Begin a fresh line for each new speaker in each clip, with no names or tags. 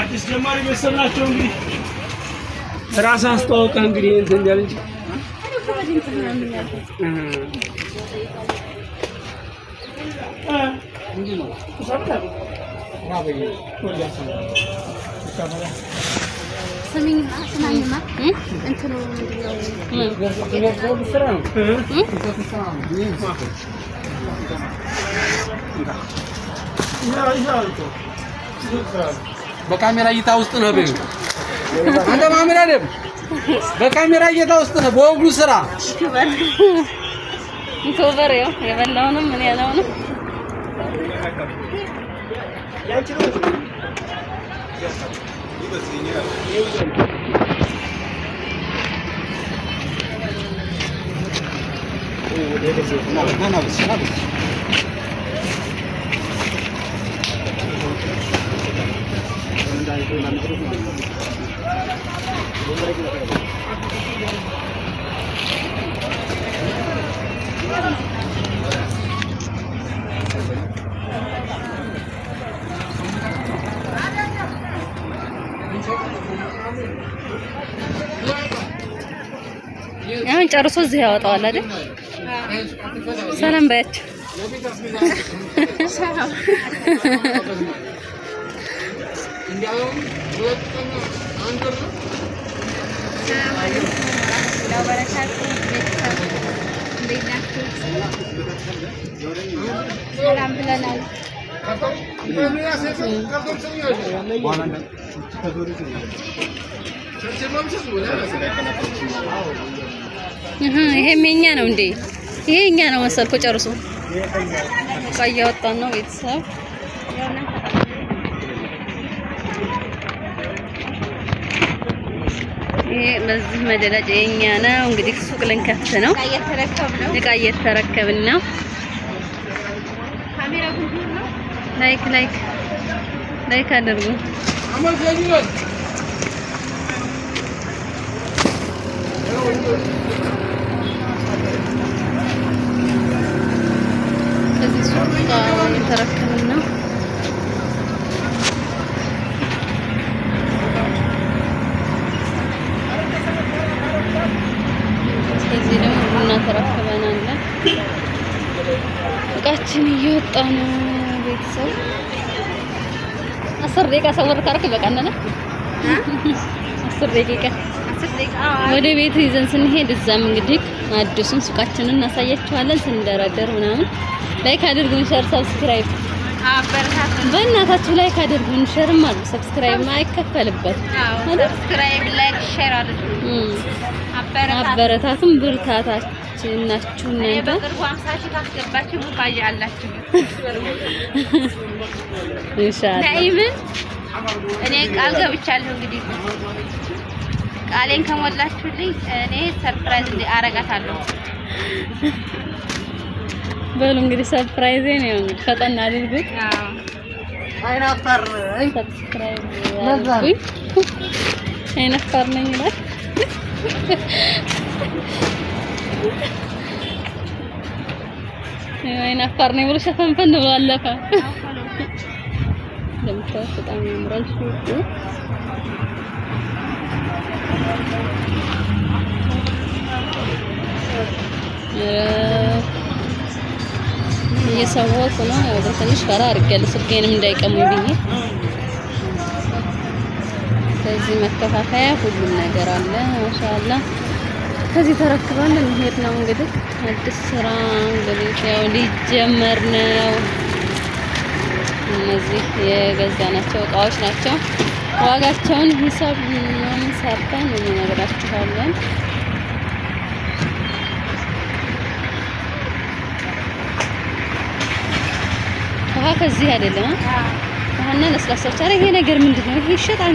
አዲስ ጀማሪ ቤተሰብ ናቸው። እንግዲህ
ራስ አስተዋውቀህ እንግዲህ እንትን እያለ እንጂ ስሚኝ በካሜራ እይታ ውስጥ ነው። አንተ ማምራ አይደል? በካሜራ እይታ ውስጥ ነው። በወጉ ስራ
ኮበር ያው የበላውንም ምን ያለውንም ነው አሁን ጨርሶ እዚህ ያወጣዋል አይደል? ሰላም ባያቸው። እንዲያውም ሁለተኛ አንድ ነው። ሰላም አለይኩም ለበረካቱ ቤተሰብ እንዴት ናችሁ? ሰላም ብለናል። ይሄም የኛ ነው እንዴ? ይሄ የኛ ነው መሰልኩ። ጨርሶ እያወጣን ነው ቤተሰብ ይሄ በዚህ መደላጭ የኛ ነው። እንግዲህ ሱቅ ልንከፍት ነው። እቃ እየተረከብን ነው። ላይክ ላይክ ላይክ አድርጉ። ከዚህ ሱቅ እቃ የተረከብን ሻንጣችን እየወጣ ነው። ቤተሰብ አስር ደቂቃ ሰወር ካርክ በቀነነ አስር ደቂቃ ወደ ቤት ይዘን ስንሄድ እዛም እንግዲህ አዲሱን ሱቃችንን እናሳያችኋለን። ስንደረደር ምናምን ላይክ አድርጉን፣ ሸር፣ ሰብስክራይብ በእናታችሁ ላይክ አድርጉን፣ ሸርም አድርጉ። ሰብስክራይብ አይከፈልበት። ሰብስክራይብ ላይክ ሸር አድርጉ። ማበረታቱም ብርታታችን ናችሁ እናንተ። ኢንሻአላህ እኔ ቃል ገብቻለሁ። እንግዲህ ቃሌን ከሞላችሁልኝ እኔ ሰርፕራይዝ እንዲ አረጋታለሁ። በሉ እንግዲህ ሰርፕራይዜ ነው። ፈጠን አድርጉት።
አይናፋር ነኝ፣
አይናፋር ነኝ ይላል አይን አፋር ነው ብሎ ሸፈንፈን ብሎ አለፈ። እንደምታውቁት በጣም ያምራል ሱቁ። ነው ያው ትንሽ ፈራ አድርጌያለሁ ስልኬንም እንዳይቀሙኝ ብዬ ከዚህ መከፋፈያ ሁሉም ነገር አለ። ማሻአላ ከዚህ ተረክበን ልንሄድ ነው እንግዲህ አዲስ ስራ እንግዲህ ያው ሊጀመር ነው። እነዚህ የገዛናቸው እቃዎች ናቸው። ዋጋቸውን ሂሳብ ምናምን ሰርተን እንነግራችኋለን። ከዚህ አይደለም አሁን ለስላሳዎች። አረ ይሄ ነገር ምንድን ነው? ይሄ ይሸጣል።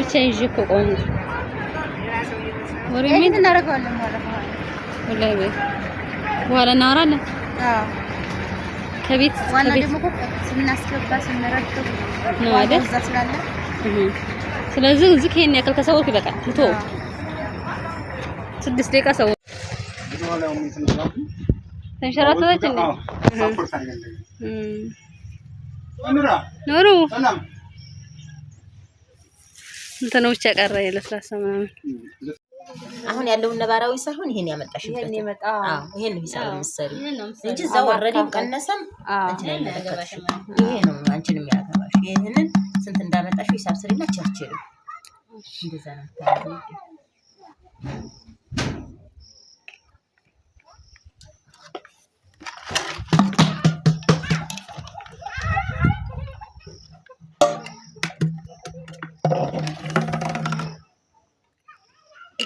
ብቻ ይዤ እኮ ቆንጆ ወሬ ምን እናደርገዋለን ማለት ነው። ወላሂ ቤት በኋላ እናወራለን። አዎ ከቤት ዋና ደግሞ እኮ ስናስገባ ስንረግጥ ነው አይደል? እዛ ስላለ ስለዚህ እዚህ ይሄን ያክል ከሰዎች ይበቃል። ልቶ ስድስት ደቂቃ ሰው ተንሸራተተች እንዴ? ኑሩ እንትን ብቻ ቀረ የለስላሳ ምናምን።
አሁን ያለውን ነባራዊ ሳይሆን ይሄን
ያመጣሽ ይሄን ይመጣ ይሄን ነው ሂሳብ
የምትሰሪ እንጂ እዛ ወረደም ቀነሰም እንትን አይመለከትሽ። ይሄ ነው አንቺን የሚያገባሽ። ይሄንን ስንት እንዳመጣሽ ሂሳብ ስሪና ቸርችል እንደዛ ነው።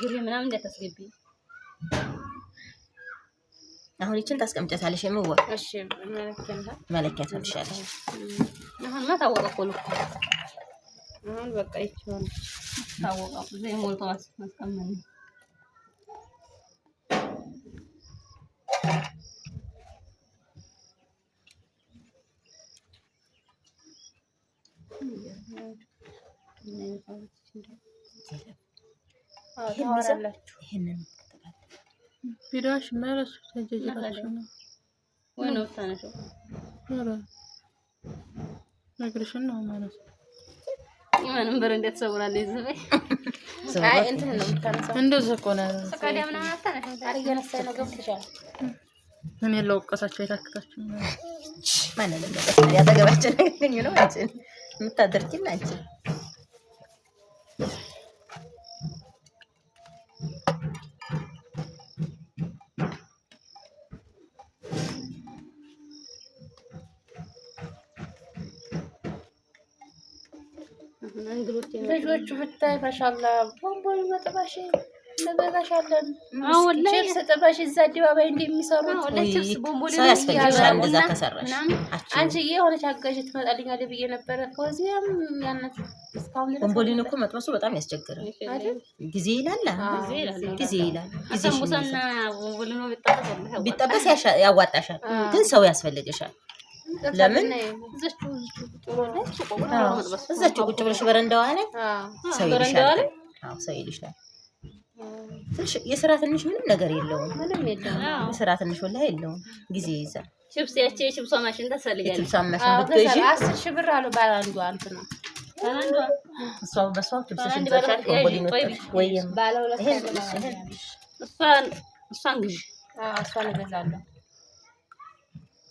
አስገቢ ምናምን እንዳታስገቢ።
አሁን ይችን ታስቀምጫታለሽ። የምወ
መለኪያ ትሆንሻለሽ።
አሁን ማ ታወቀ እኮ
ልኩ አሁን በቃ ይችሆን ታወቀ ዘይ ሞልቶ ማስቀመን Yeah. ይሄንን ቢዳሽ መረሱ ተጀጅራችሁ ነግርሽን ነው ማለት ይማንም በር እንዴት ሰውራለች ዝበይ አይ እንትን ነው የምታነሳው። እንደዚህ እኮ ነው ፈቃዲያ ምናምን አታነሳም። ዛሬ እየነሳኝ ነው ገብቶሻል። እኔ ለወቀሳቸው የታክታችሁ
ማንን ለቀሳ ያጠገባችን ነው አንቺን የምታደርጊን አንቺን
ልጆቹ ብታይ ማሻላ ቦምቦል መጥባሽ እንበላሻለን። ችፕስ ጥበሽ እዛ አደባባይ እንደሚሰሩት
አንቺዬ የሆነች አጋዥ ትመጣልኛለች ብዬ ነበረ። ከዚያም ያነት ቦምቦሊን እኮ መጥበሱ በጣም ያስቸግራል። ጊዜ ይላል ጊዜ ይላል። ቢጠበስ ያዋጣሻል፣ ግን ሰው ያስፈልግሻል። ለምን እዛችሁ ቁጭ ብለሽ በረንዳዋ ላይ ሰው ይልሻል። የስራ ትንሽ ምንም ነገር የለውም። የስራ ትንሽ ወላሂ የለውም። ጊዜ ይይዛል።
ቺፕስ ያቺ ማሽን ታሰልያለች።
አስር ሺህ ብር አሉ
ባላንዷ እንትን ነው እሷን ግዢ እሷን እገዛለሁ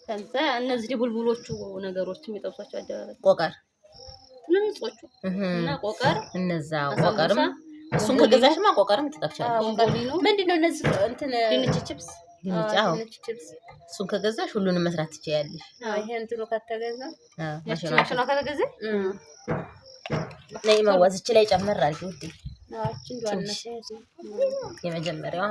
ከዛ እነዚህ ቡልቡሎቹ ነገሮች የሚጠብሷቸው
አደባባይ ቆቀር ትንንጾቹ
እና ቆቀር እነዛ
ቆቀርም እሱን ከገዛሽማ ቆቀርም ትጠብሻለሽ። ምንድነው እነዚህ
እንትን ድንች ቺፕስ
እሱን ከገዛሽ ሁሉንም መስራት ትችያለሽ። ይሄ እንትኑ ከተገዛ ማሽኗ ነይ መዋዝ እች ላይ ጨመር አድርጊ ውዴ። የመጀመሪያዋ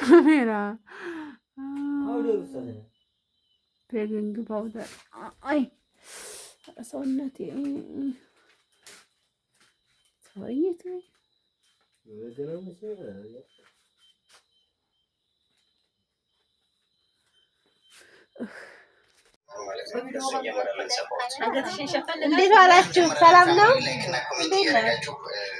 ካሜራ ፔግንግ ፓውደር አይ ሰውነቴ ሰውየት እንዴት ዋላችሁ? ሰላም ነው።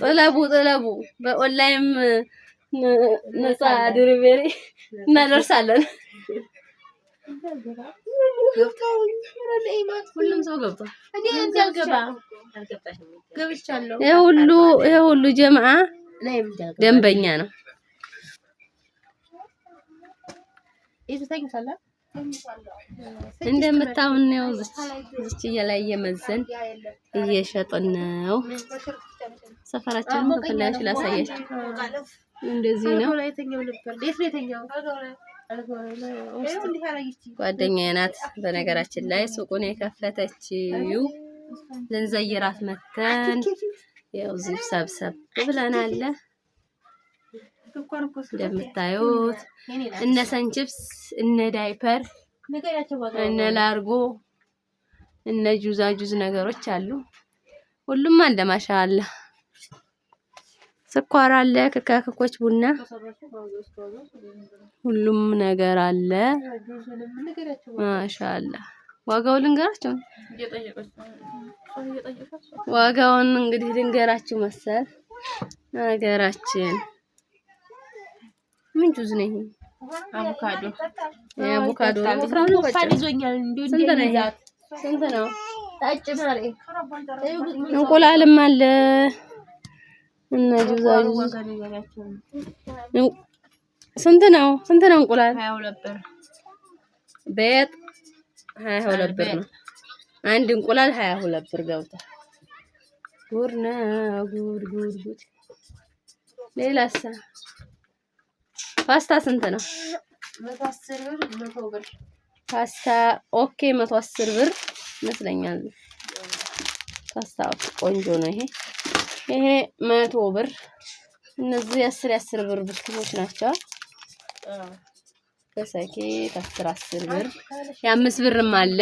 ጥለቡ ጥለቡ በኦንላይን ነፃ ድርቤሪ እናደርሳለን። ሁሉም ሰው ገብቷል። ደንበኛ ነው። እንደምታውን ነው። ዝች እየላይ እየመዘን እየሸጥን ነው። ሰፈራችንን ከፍላሽ ላሳያችሁ። እንደዚህ ነው። ጓደኛዬ ናት። በነገራችን ላይ ሱቁን የከፈተችው ልንዘይራት መተን ያው ሰብሰብ እንደምታዩት እነ ሰንችፕስ፣ እነ ዳይፐር፣ እነ ላርጎ፣ እነ ጁዛጁዝ ነገሮች አሉ። ሁሉም አለ ማሻአላ። ስኳር አለ፣ ከካኮች ቡና፣ ሁሉም ነገር አለ ማሻአላ። ዋጋው ልንገራችሁ፣ ዋጋውን እንግዲህ ልንገራችሁ መሰል ነገራችን ምን ጁዝ ነው ይሄ? አቮካዶ አቮካዶ ነው። ስንት ነው? ነው? ታጭ እንቁላልም አለ እና ጁዛ ስንት ነው? ስንት ነው? እንቁላል 22 ብር ቤት ብር ነው። አንድ እንቁላል 22 ብር ገብቷል። ጉድ ነው ጉድ ጉድ ጉድ ሌላሳ ፓስታ ስንት ነው? ፓስታ ኦኬ፣ መቶ አስር ብር ይመስለኛል። ፓስታ ቆንጆ ነው ይሄ ይሄ መቶ ብር። እነዚህ የአስር የአስር ብር ብስኩቶች ናቸው። በሰኬት አስር አስር ብር የአምስት ብርም አለ።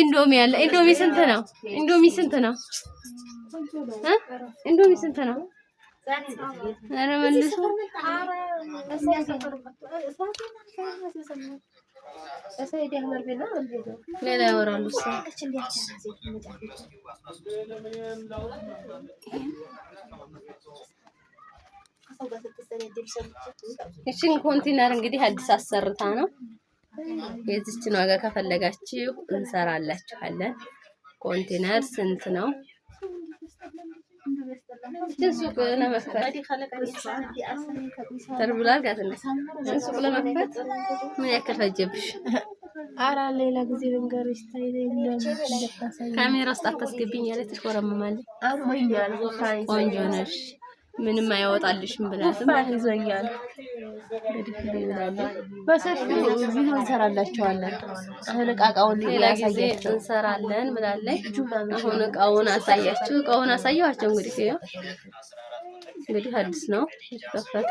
ኢንዶሚ አለ። ኢንዶሚ ስንት ነው? ኢንዶሚ ስንት ነው? ኢንዶሚ ስንት ነው? ሌላ ያወራሉ። እችን ኮንቲነር እንግዲህ አዲስ አሰርታ ነው። የዚችን ዋጋ ከፈለጋችሁ እንሰራላችኋለን። ኮንቲነር ስንት ነው? ይችን ሱቅ ለመክፈት ተርብሏል ጋር ይችን ሱቅ ለመክፈት ምን ያክል ፈጀብሽ? ኧረ ሌላ ጊዜ ልንገርሽ። ካሜራ ውስጥ አታስገቢኝ ያለ ትሽኮረመማለች። ቆንጆ ነሽ፣ ምንም አይወጣልሽም ብላትም ይዞኛል በሰፊው ቪዲዮ እንሰራላቸዋለን። አሁን እቃውን ያሳያቸው እንሰራለን ብላለች። አሁን እቃውን አሳያችሁ፣ እቃውን አሳየኋቸው። እንግዲህ ሲዩ እንግዲህ አዲስ ነው የተከፈተ።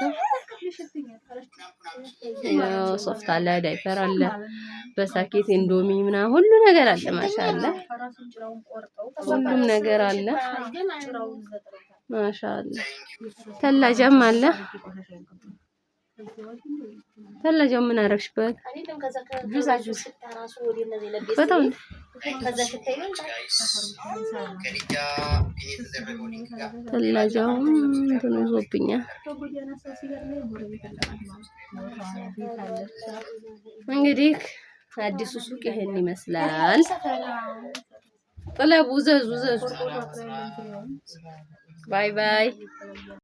ሶፍት አለ፣ ዳይፐር አለ፣ በሳኬት ኢንዶሚ ምናምን ሁሉ ነገር አለ። ማሻአላ ሁሉም ነገር አለ። ማሻአላ ተላጃም አለ። ተለጃው ምን አረግሽበት? በጣም ተለጃው እንትን ይዞብኛል። እንግዲህ አዲሱ ሱቅ ይሄን ይመስላል። ጥለቡ ዘዙ ዘዙ። ባይ ባይ።